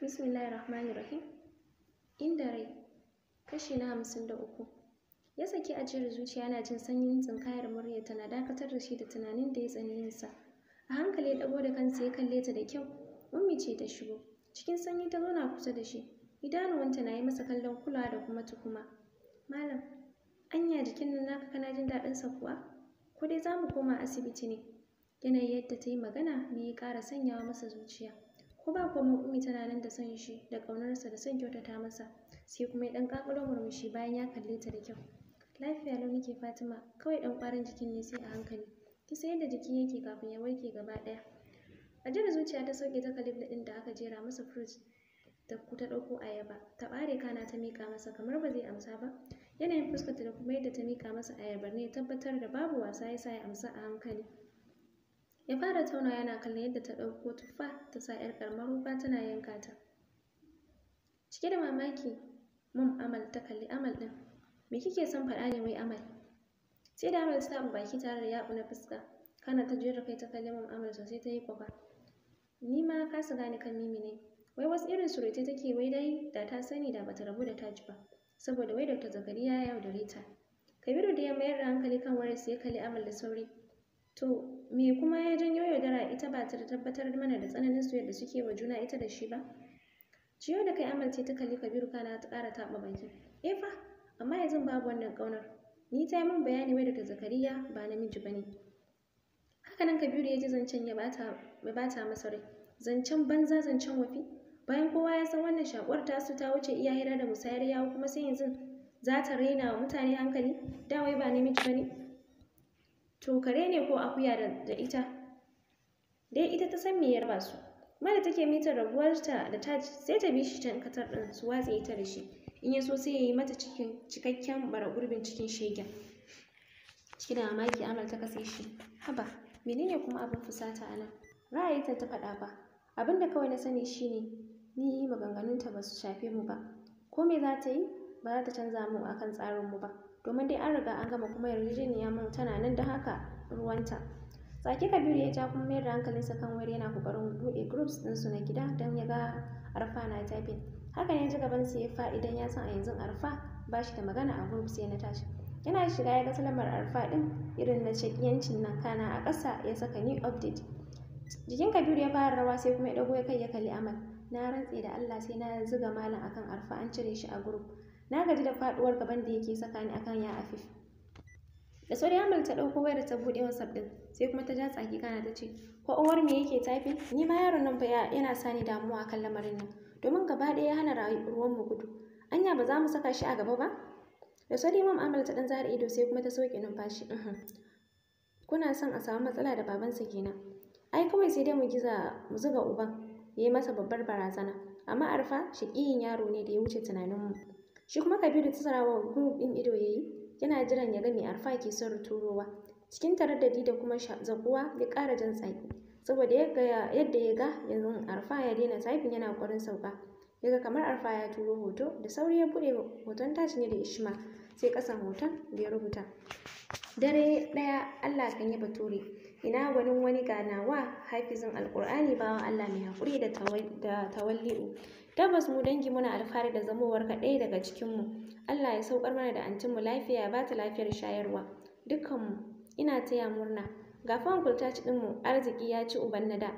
bismillahir rahmanir rahim inda rai kashi na hamsin da uku ya saki ajiyar zuciya yana jin sanyin tsinkayar murya tana dakatar da shi da tunanin da ya tsani yinsa a hankali ya dago da kansa ya kalle ta da kyau ummi ce ta shigo cikin sanyi ta zauna kusa da shi idanuwanta na yi masa kallon kulawa da kuma tukuma malam anya jikin nan naka kana jin sa kuwa ko dai za mu koma asibiti ne yanayin yadda ta yi magana ne ya ƙara sanyawa masa zuciya ko ba kuma ummi tana nan da son shi da ƙaunarsa da son kyautata masa sai kuma ya ɗan ƙaƙulo murmushi bayan ya kalle ta da kyau lafiya lau nake fatima kawai ɗan ƙwarin jikin ne sai a hankali Ki kisa yadda jiki yake kafin ya warke gaba ɗaya a jira zuciya ta sauke ta kalif ɗin da aka jera masa fruit ku ta ɗauko ayaba ta ɓare kana ta miƙa masa kamar ba zai amsa ba yanayin fuskarta da kuma yadda ta miƙa masa ayabar ne tabbatar da babu wasa ya sa ya amsa a hankali ya fara tauna yana kallon yadda ta ɗauko tuffa ta sa 'yar ƙaramar ruba tana yanka ta cike da mamaki mun amal ta kalli amal ɗin me kike son faɗa ne mai amal sai da amal ta baki tare da yaɓu na fuska kana ta jera kai ta kalli mun amal sosai ta yi kwafa ni ma ka kasa gane kan mimi ne wai wasu irin surutai take wai dai da ta sani da bata rabu da ta ji ba saboda wai dr zakariya ya yaudare ta kabiru da ya mayar da hankali kan wayarsa ya kalli amal da sauri to me kuma ya janyo yaudara ita ba ta tabbatar mana da tsananin su da suke wa juna ita da shi ba ciyo da kai amalce ta kalli kabiru kana ta ƙara taɓa baki E, eh fa amma yanzu babu wannan ƙaunar ni ta yi min bayani wai daga zakariya ba namiji ba ne Haka nan kabiru ya ji zancen ya bata masa rai zancen banza zancen wafi bayan kowa ya san wannan shakuwar su ta wuce iya hira da musayar yawo kuma sai yanzu za ta raina wa mutane hankali da wai ba namiji ba ne to kare ne ko akuya da ita dai ita ta san meyar ba su mara take mitar raguwarta da ta sai ta bi shi can katar din su watse ita da shi in ya so sai ya yi mata cikin cikakken bara gurbin cikin shegen da mamaki amal ta kasa shi haba menene kuma abin fusata a nan ra'ayinta ta faɗa ba abin da kawai na sani shine ni maganganunta ba su shafe mu ba ko me za ta yi ba za ta canza mu akan tsarin mu ba domin dai an riga an gama kuma yarjejeniya mun tana nan da haka ruwanta tsaki kabiru ya ja kuma mayar da hankalinsa kan wayar yana kokarin buɗe groups su na gida don ya ga arfa na typing haka ne ji gaban ya faɗi don ya san a yanzu arfa bashi da magana a group sai na tashi yana shiga ya ga salamar arfa ɗin irin na shakiyancin nan kana a kasa ya saka ni update jikin kabiru ya fara rawa sai kuma ya ɗago ya kai ya kalli amal na rantse da allah sai na zuga malam akan arfa an cire shi a group na gaji da faduwar gaban da yake saka ni akan ya afif da sauri amal ta dauko wayar ta bude whatsapp din sai kuma ta ja tsaki kana ta ce ko uwar me yake tafi ni ma yaron nan fa yana sani damuwa akan lamarin nan domin gaba ɗaya ya hana rayuwar mu gudu anya ba za mu saka shi a gaba ba da sauri mam amal ta dan zara ido sai kuma ta soke numfashi uhm, kuna son a samu matsala da babansa kenan ai kawai sai dai mu giza mu zuga uban yayi masa babbar barazana amma arfa shaƙiyin yaro ne da ya wuce tunaninmu shi kuma kabiru tsarawa group din ido ya yi yana jiran ya ga mai arfa ke son turowa cikin taraddadi da kuma zakuwa ya kara jan tsaki saboda yadda ya ga yanzu arfa ya daina typing yana kwarin sauka ya kamar arfa ya turo hoto da sauri ya buɗe hoton tashi ne da ishma sai kasan hoton da ya rubuta dare ɗaya allah kan yi bature ina gwanin wani ganawa hafizin alƙur'ani bawan allah mai haƙuri da tawalli'u tabbas mu dangi muna alfahari da zamowar ka ɗaya daga mu allah ya saukar mana da mu lafiya ya ta lafiyar shayarwa dukkanmu ina taya murna ga fan ta ci mu arziki ya ci uban na da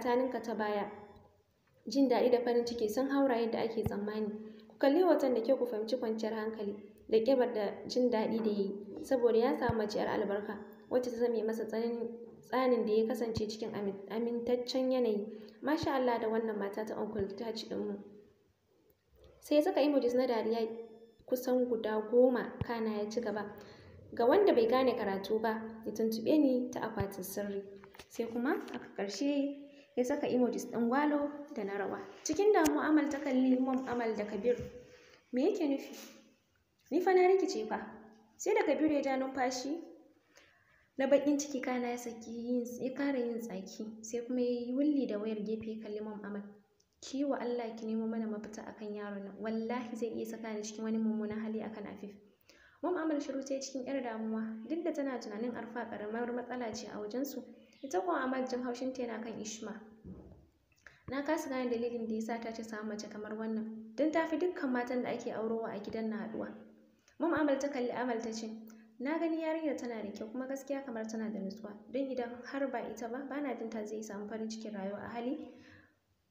ta ninka ta baya jin daɗi da farin ciki sun haura yadda ake tsammani ku kalli watan da ke ku fahimci kwanciyar hankali da kebar da jin daɗi da yi saboda ya samu mace albarka wacce ta zame masa tsananin tsanin da ya kasance cikin amintaccen yanayi masha Allah da wannan mata ta uncle touch ɗinmu sai ya saka emojis na dariya kusan guda goma kana ya ci gaba ga wanda bai gane karatu ba ya tuntube ni ta akwatin sirri sai kuma a karshe ya saka emojis ɗin gwalo da na rawa cikin damu amal ta kalli mom amal da kabir me yake nufi ni fa na rikice fa sai da kabir ya ja numfashi na bakin ciki kana ya saki yin ya kara yin tsaki sai kuma ya yi wulli da wayar gefe ya kalli mam amal ki wa Allah ki nemo mana mafita akan yaron nan wallahi zai iya saka ni cikin wani mummunan hali akan afif mam amal shiru sai cikin yar damuwa duk da tana tunanin arfa karamar matsala ce a wajen su. ita kuwa amal jin haushin ta yana kan ishma na kasa gane dalilin da yasa ta ce samu mace kamar wannan don ta fi dukkan matan da ake aurowa a gidan na haduwa mam amal ta kalli amal ta ce na gani yarinyar tana da kyau kuma gaskiya kamar tana da nutsuwa don idan har ba ita ba bana jin ta zai samu farin cikin rayuwa a hali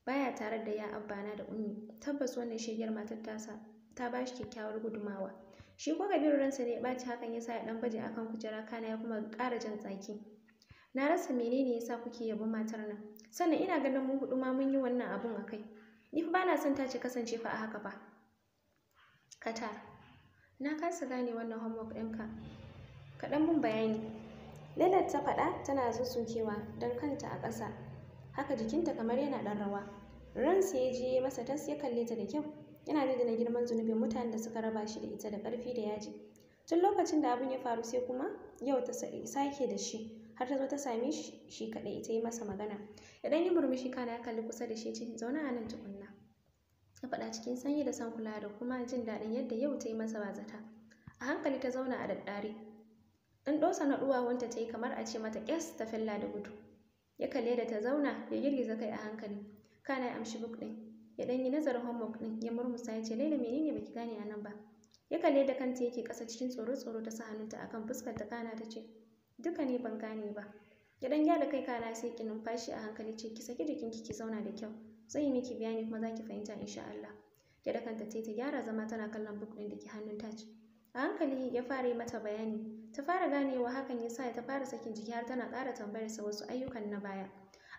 baya tare da ya abbana da ummi tabbas wannan shiriyar matar tasa ta bashi kyakkyawar gudumawa shi ko kabiru ransa ne ya ɓaci hakan ya sa ya ɗan baje akan kujera kana ya kuma ƙara jan tsaki na rasa menene yasa kuke yabon matar nan sannan ina ganin mun huɗu ma mun yi wannan abun a kai ni fa bana son ta ce kasance fa a haka ba kata na kasa gane wannan homework ɗinka kaɗan mun bayani Lailat ta faɗa tana zuzzukewa don kanta a ƙasa haka jikinta kamar yana ɗan rawa ransa ya je masa tas ya kalle ta da kyau yana da girman zunubin mutanen da suka raba shi da ita da ƙarfi da yaji tun lokacin da abin ya faru sai kuma yau ta sake da shi har ta zo ta same shi kaɗai ita yi masa magana idan ya murmushi kana ya kalli kusa da shi ce zauna a nan tukunna Ta faɗa cikin sanyi da san kula da kuma jin daɗin yadda yau ta yi masa bazata a hankali ta zauna a daddare ɗan ɗosa na ɗuwawunta ta yi kamar a ce mata ƙyas ta fella da gudu ya kalle da ta zauna ya girgiza kai a hankali kana ya amshi buk ɗin ya ɗan yi nazarin homework ɗin ya murmusa ya ce laila menene baki gane a nan ba ya kalle da kanta yake ƙasa cikin tsoro-tsoro ta sa hannunta akan fuskar ta kana ta ce duka ne ban gane ba ya ɗan gyara kai kana sai ki numfashi a hankali ce ki saki jikinki ki zauna da kyau zan yi miki bayani kuma za ki fahimta insha Allah da kanta ta gyara zama tana kallon book ɗin da ke hannun ce. a hankali ya fara yi mata bayani ta fara ganewa hakan ya sa ta fara sakin jiki har tana ƙara tambayar sa wasu ayyukan na baya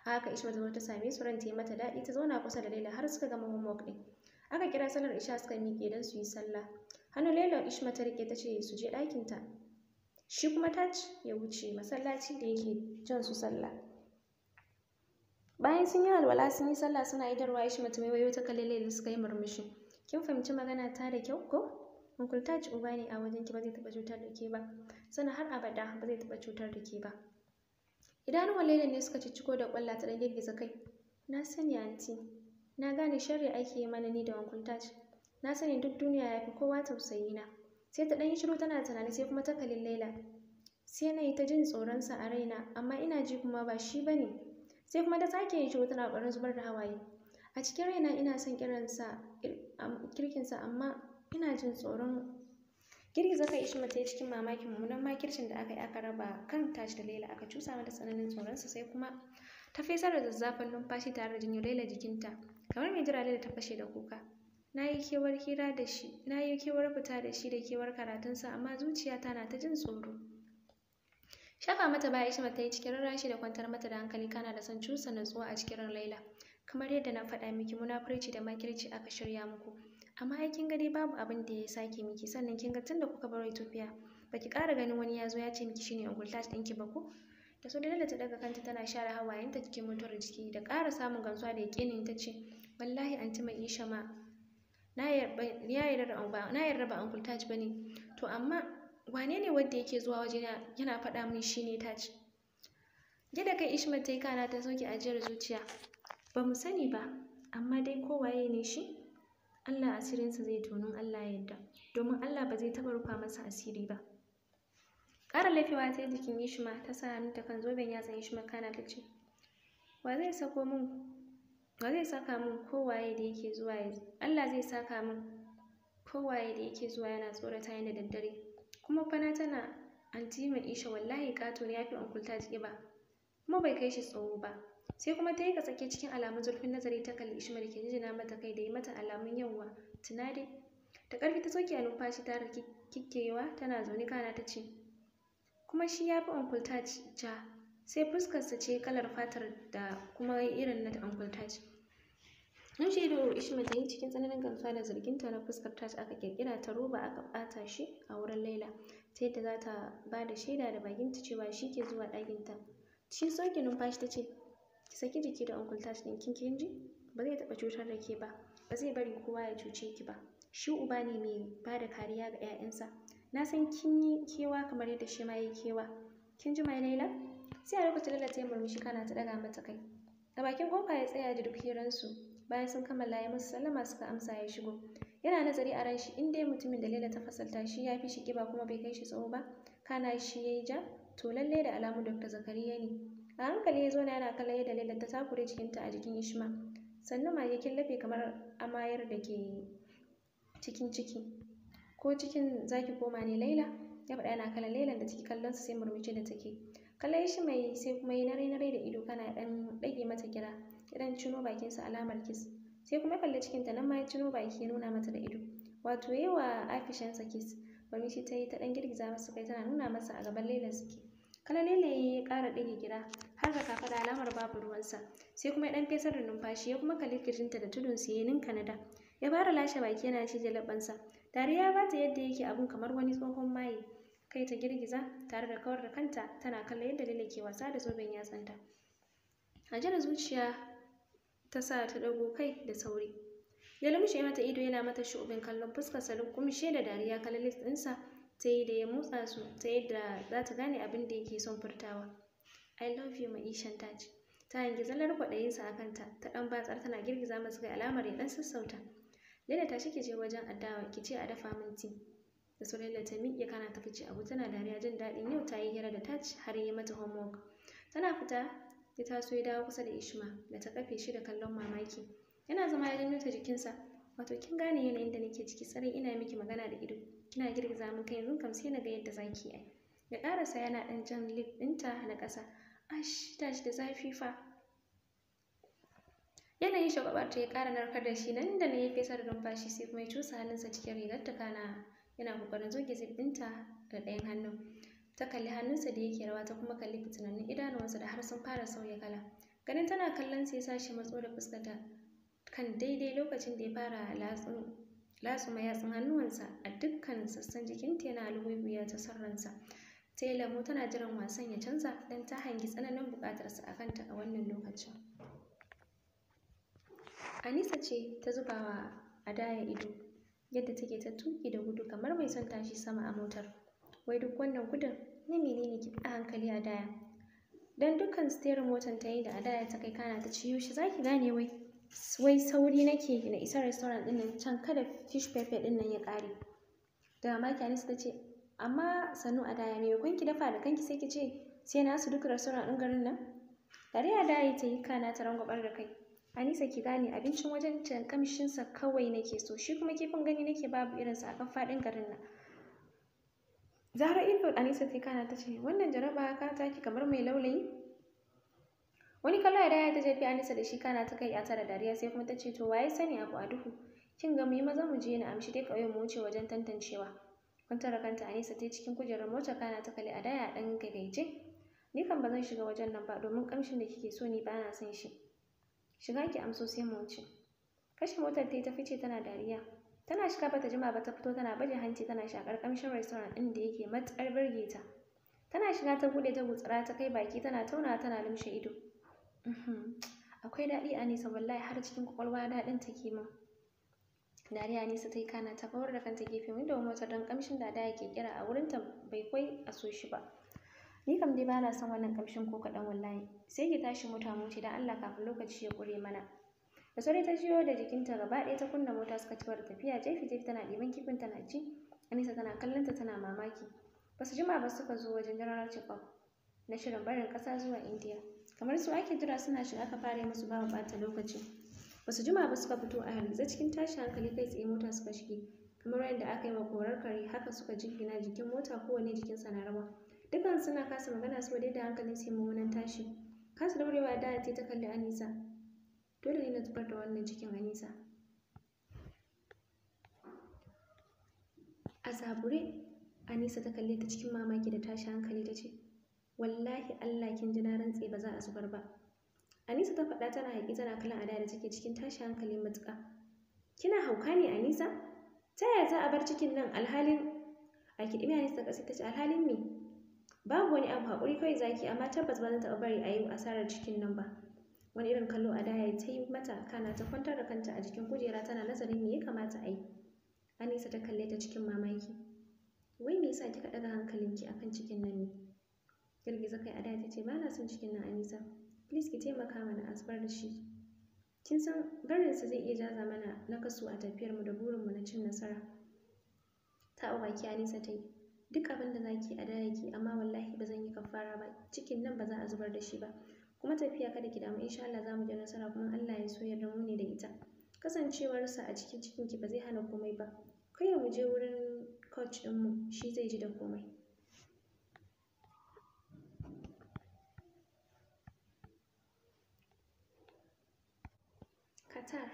a haka Ishma ta zo ta same su ran ta yi mata daɗi ta zauna kusa da Laila har suka gama homework ɗin aka kira sallar Isha suka miƙe don su yi sallah hannu Laila Ishma ta rike ta ce su je ɗakinta shi kuma taci ya wuce masallaci da yake jan su sallah bayan sun yi alwala sun yi sallah suna yi wa shi mutumai, wayo ta kalle da suka yi murmushi kin fahimci magana ta da kyau ko mugunta ci uba ne a wajen ki ba zai taɓa cutar da ke ba sannan har abada ba zai taɓa cutar da ke ba idanuwan Lailu ne suka cicciko da kwalla ta dan girgiza kai na sani anti na gane sharri ake yi mana ni da ci na sani duk duniya ya fi kowa tausayi na sai ta ɗan yi shiru tana tunani sai kuma ta kalli Laila sai na yi ta jin tsoronsa a raina amma ina ji kuma ba shi ba ne sai kuma ta sake yin shiru tana ƙoƙarin zubar da hawaye a cikin raina ina son kiransa kirkinsa amma ina jin tsoron girgiza zaka ishma ta yi cikin mamakin mummunan makircin da aka yi aka raba kan tashi da laila aka cusa mata tsananin tsoronsa sai kuma ta fesar da zazzafan numfashi tare da jinyo laila jikinta kamar mai jira laila ta fashe da kuka na yi kewar hira da shi na kewar fita da shi da kewar karatunsa amma zuciyata na ta jin tsoro Shafa mata baya Ishma ta yi cikin rarashi da kwantar mata da hankali kana da son cusa natsuwa a cikin Laila. Kamar yadda na faɗa miki munafurci da makirci aka shirya muku. Amma ai kin gani babu abin da ya sake miki sannan kin ga da kuka bar Ethiopia baki kara ganin wani ya zo ya ce miki shine ungul tash ki ba ko? Da so da ta daga kanta tana share hawayenta cikin mutuwar jiki da kara samun gamsuwa da yaƙinin ta ce wallahi anti mai Isha ma na yarda ba ungul tash bane to amma wane ne wanda yake zuwa wajena yana faɗa min shi ne taj Yadda kai ishma ta yi kana ta soke ajiyar zuciya ba mu sani ba amma dai kowaye ne shi allah asirinsa zai tonon allah yadda domin allah ba zai taɓa rufa masa asiri ba ƙara laifewa ta jikin ishma ta sa hannu ta kan zoben yatsan ishma kana ta ce wa zai sako min wa zai saka min kowaye da yake zuwa zuwa yana tsorata da daddare kuma fa na tana anti Maisha wallahi katon ya fi uncle ta ba kuma bai kai shi tsawo ba sai kuma ta yi tsake cikin alamun zurfin nazari ta kalli Ishmael ke jijina mata kai da yi mata alamun yawwa tunade da ƙarfi ta soke a numfashi ta raki kikkewa tana zaune kana ta ce kuma shi ya fi uncle ta ja sai fuskarsa ce kalar fatar da kuma irin na uncle ta Nushe idowar Ishma ta yi cikin tsananin gamsuwa da zarginta na fuskar ta aka kirkira ta roba aka ɓata shi a wurin Laila ta yadda za ta ba da shaida da baginta cewa shi ke zuwa ɗakin ta. Cikin sauke numfashi ta ce ki saki jiki da Uncle Tash ɗin kin kin ji ba zai taɓa cutar da ke ba ba zai bari kowa ya cuce ki ba shi uba ne mai ba da kariya ga 'ya'yansa na san kin yi kewa kamar yadda shi ma ya yi kewa kin ji mai Laila sai a lokacin Laila ta yi murmushi kana ta ɗaga mata kai a bakin kofa ya tsaya da duk bayan sun kammala ya musu sallama suka amsa ya shigo yana nazari a ran shi in dai mutumin da Laila ta fasalta shi ya fi shi kiba kuma bai kai shi tsawo ba kana shi yayi ja to lalle da alamun Dr. Zakariya ne a hankali ya zo na yana kallon yadda Laila ta takure cikinta a jikin Ishma sannan ya killafe kamar amayar da ke cikin ciki ko cikin zaki koma ne Laila ya faɗa yana kallon laila da take kallon su sai murmushi da take kallon shi mai sai kuma yi nare nare da ido kana ɗan ɗage mata kira ya cino cino bakinsa alamar Kis, sai kuma kalli cikinta nan ma ya cino baki ya nuna mata da ido wato yayi wa afishansa Wani shi ta yi ta dan girgiza masa kai tana nuna masa a gaban Laila suke kana Laila ya ƙara ɗage gida har da kafaɗa alamar babu ruwansa sai kuma ya ɗan fesar da numfashi ya kuma kalli kirjinta da tudun su yayin kanada. ya fara lashe baki yana cije labansa dariya ya bata yadda yake abun kamar wani tsohon maye kai ta girgiza tare da kawar da kanta tana kallon yadda lele ke wasa da zoben yatsanta a jira zuciya ta sa ta ɗago kai da sauri ya lumshe mata ido yana mata shubin kallon fuskarsa da kumshe da dariya kallon lips ɗinsa ta yi da ya motsa su ta yadda za ta gane abin da yake son furtawa i love you ma'ishan ta ce ta hangi zallar kwaɗayinsa a kanta ta ɗan batsar tana girgiza masa ga alamar ya ɗan sassauta Lila ta shike je wajen addawa ki ce a dafa min ti. Da su Lila ta miƙe kana ta fice abu tana dariya jin daɗin yau ta yi hira da taci har yi mata homework. Tana fita ya taso ya dawo kusa da Ishma da ta kafe shi da kallon mamaki. Yana zama ya janyo jikinsa. Wato kin gane yanayin da nake ciki sarai ina miki magana da ido. Kina girgiza mun kai yanzu kam sai na ga yadda zaki yi. Ya karasa yana dan jan lip ɗinta na ƙasa. Ash tashi da zafi fa. Yanayin shagwabarta ya kara narkar da shi nan da na ya fesa da numfashi sai kuma ya cusa hannunsa cikin rigar ta kana yana kokarin zoge zip ɗinta da ɗayan hannun. ta kalli hannunsa da yake rawa ta kuma kalli fitinannin idanuwansa da har sun fara sauya kala ganin tana kallon sa ya shi matso da ta kan daidai lokacin da ya fara latsuma yatsun hannuwansa a dukkan sassan jikinta yana lugubiya ta sarransa ta yi lamu tana jiran wasan ya canza don ta hangi tsananin buƙatarsa a kanta a wannan lokacin anisa ce ta zubawa a daya ido yadda take ta tuki da gudu kamar mai son tashi sama a motar wai duk wannan gudun na ne ki a hankali a daya dan dukkan steering motar ta yi da adaya ta kai kana ta ciyo shi zaki gane wai wai sauri nake na isa restaurant din nan can kada fish pepper din nan ya kare da mamaki Anisa ta ce amma sannu adaya me kun ki dafa da kanki sai ki ce sai na su duk restaurant din garin nan tare adaya ta yi kana ta rangwabar da kai Anisa ki gane abincin wajen can kamshinsa kawai nake so shi kuma kifin gani nake babu irinsa a kan faɗin garin nan zara ido anisa ta kana ta ce wannan jaraba ka taki kamar mai laulayi wani kallo ya daya ta jefi anisa da shi kana ta kai ya tara dariya sai kuma ta ce to waye sani abu a duhu kin ga mu yi maza mu je na amshi dai kawai mu wuce wajen tantancewa kun tara kanta anisa ta cikin kujerar mota kana ta kalli a daya dan gagaice ni kan ba zan shiga wajen nan ba domin kamshin da kike so ni ba na son shi shiga ki amso sai mu wuce kashe motar ta ta fice tana dariya tana shiga bata jima ba ta fito tana baje hanci tana shakar kamshin restaurant din da yake matsar birge ta tana shiga ta buɗe ta gutsara ta kai baki tana taunawa, tana lumshe ido uhm, akwai daɗi a nisa wallahi har cikin kwakwalwa daɗin ta ke min dariya nisa ta yi kana ta kawar da kanta gefe windon motar don kamshin da ya ke kira a wurin ta bai kwai a so shi ba ni kam dai ba na son wannan kamshin ko kaɗan wallahi sai ki tashi mota mu ce don allah kafin lokaci ya ƙure mana da sauri ta jiyo da jikinta gaba ɗaya ta kunna mota suka ci da tafiya jefi jefi tana ɗiban kifin tana ci anisa tana kallon ta tana mamaki ba su jima ba suka zo wajen general check-up na shirin barin ƙasa zuwa indiya kamar su ake jira suna shiga aka fara musu babu ɓata lokaci ba su jima ba suka fito a hargitse cikin tashi hankali kai tsaye mota suka shige kamar yadda aka yi wa korar kare haka suka jingina jikin mota kowane jikinsa na rawa dukkan suna kasa magana su da hankalin su yi mummunan tashi kasa daurewa da ta kalli anisa dole ne na zubar da wannan cikin Anisa a zabure Anisa ta kalli ta cikin mamaki da tashi hankali ta ce wallahi Allah kin ji na rantse ba za a zubar ba Anisa ta faɗa tana haƙi tana kallon ada da take cikin tashi hankali matuka. kina hauka ne Anisa ta yaya za a bar cikin nan alhalin a kiɗime Anisa ta ƙasa ta ce alhalin me babu wani abu haƙuri kawai zaki amma tabbas ba zan taɓa bari a yi asarar cikin nan ba wani irin kallo a daya ta yi mata kana ta kwantar da kanta a jikin kujera tana nazarin me ya kamata a yi anisa ta kalle ta cikin mamaki wai me yasa kika daga hankalinki akan cikin nan ne girgiza kai a da ta ce ba na son cikin nan anisa please ki taimaka mana a da shi kin san barinsa zai iya jaza mana na kaso a tafiyarmu da burinmu na cin nasara ta baki anisa ta yi duk abin da zaki a daya ki amma wallahi ba zan yi kafara ba cikin nan ba za a zubar da shi ba kuma tafiya kada ki damu insha Allah zamu mu ji nasara kuma Allah ya so ya mu ne da ita kasancewarsa a cikin cikinki ba zai hana komai ba kai mu je wurin coach mu, shi zai ji da komai Qatar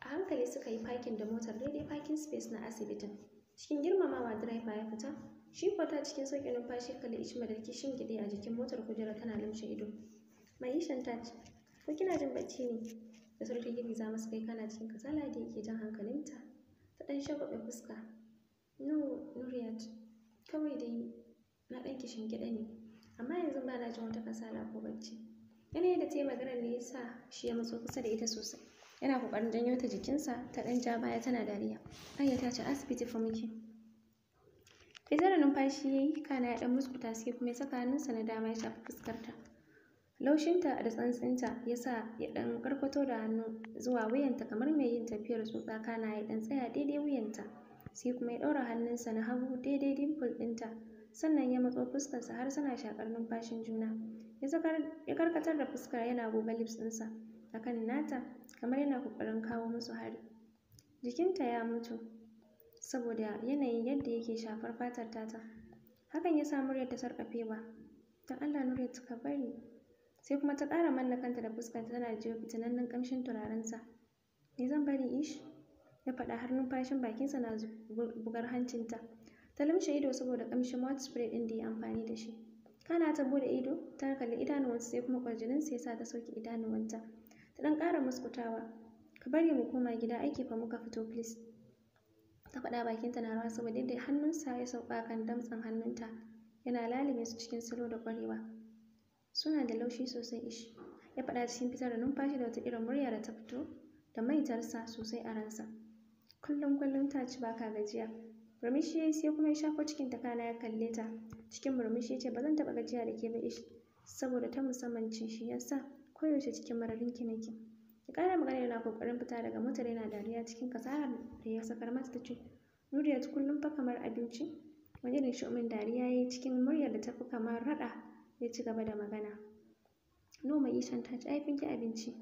a hankali suka yi parking da motar daidai parking space na asibitin cikin girmamawa direba ya fita shi kwata cikin sauƙin numfashi kalli ishma da kishin a jikin motar kujera tana lamshe ido mai shan touch ko kina jin bacci ne da sauri ta girgiza masa kai kana cikin kasala da yake jan hankalinta ta ɗan shagwaɓe fuska no nuriyat kawai dai na ɗan kishin gida ne amma yanzu ba na jin wata kasala ko bacci yanayin da ta yi maganar ne ya sa shi ya matso kusa da ita sosai yana kokarin janyo ta jikinsa ta ɗan ja baya tana dariya anya ce asibiti fa muke fitar da numfashi ya yi kana ya ɗan muskuta sai kuma ya saka hannunsa na dama ya shafi fuskarta Laushinta da tsantsinta ya sa ya ɗan karkato da hannu zuwa wuyanta kamar mai yin tafiyar tsotsa kana ya ɗan tsaya daidai wuyanta. Sai kuma ya ɗaura hannunsa na hagu daidai dimple ɗinta. Sannan ya matso fuskarsa har suna shakar numfashin juna. Ya karkatar da fuskar yana goga lips ɗinsa akan kan nata kamar yana kokarin kawo musu hari. Jikinta ya mutu saboda yanayin yadda yake shafar fatar tata. Hakan ya sa muryar ta sarƙafewa. Don Allah Nuriya ka bari. sai kuma ta ƙara manna kanta da fuskanta tana jiyo fitinannen ƙamshin turarensa ni zan bari ish ya faɗa har numfashin bakinsa na bugar hancinta ta lumshe ido saboda ƙamshin mouth spray ɗin da ya amfani da shi kana ta bude ido ta kalli idanuwansa sai kuma ƙwarjininsa ya sa ta sauke idanuwanta ta ɗan ƙara muskutawa ka bari mu koma gida aiki fa muka fito please ta faɗa bakinta na rawa saboda yadda hannunsa ya sauka kan damtsan hannunta yana lalime su cikin salo da ƙwarewa suna da laushi sosai ish ya faɗa cikin fitar da numfashi da wata irin murya da ta fito da maitarsa sosai a ransa kullum kullum ta ci baka gajiya murmushi ya yi sai kuma ya shafo cikin ta kana ya kalle ta cikin murmushi ya ce ba zan taɓa gajiya da ke ba ish saboda ta musamman ce shi ya sa koyaushe cikin mararin kinaki ya ƙara magana yana ƙoƙarin fita daga motar yana dariya cikin kasarar da ya sakar mata ta ce nuriyat kullum fa kamar abinci wani irin shi'umin dariya ya yi cikin muryar da ta fi kamar raɗa ya ci gaba da magana noma ishan ta ci abinci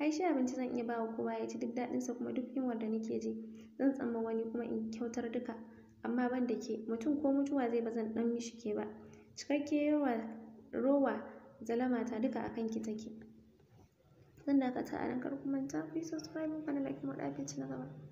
ai shi abinci zan iya bawa kowa ya ci duk daɗinsa kuma duk yunwar da nake ji zan tsamma wani kuma in kyautar duka amma ban da ke mutum ko mutuwa zai ba zan ɗan mishi ke ba cikakke yawa rowa zalama ta duka akan ki take zan dakata a nan kar ku manta ku subscribe kuma like mu ci na gaba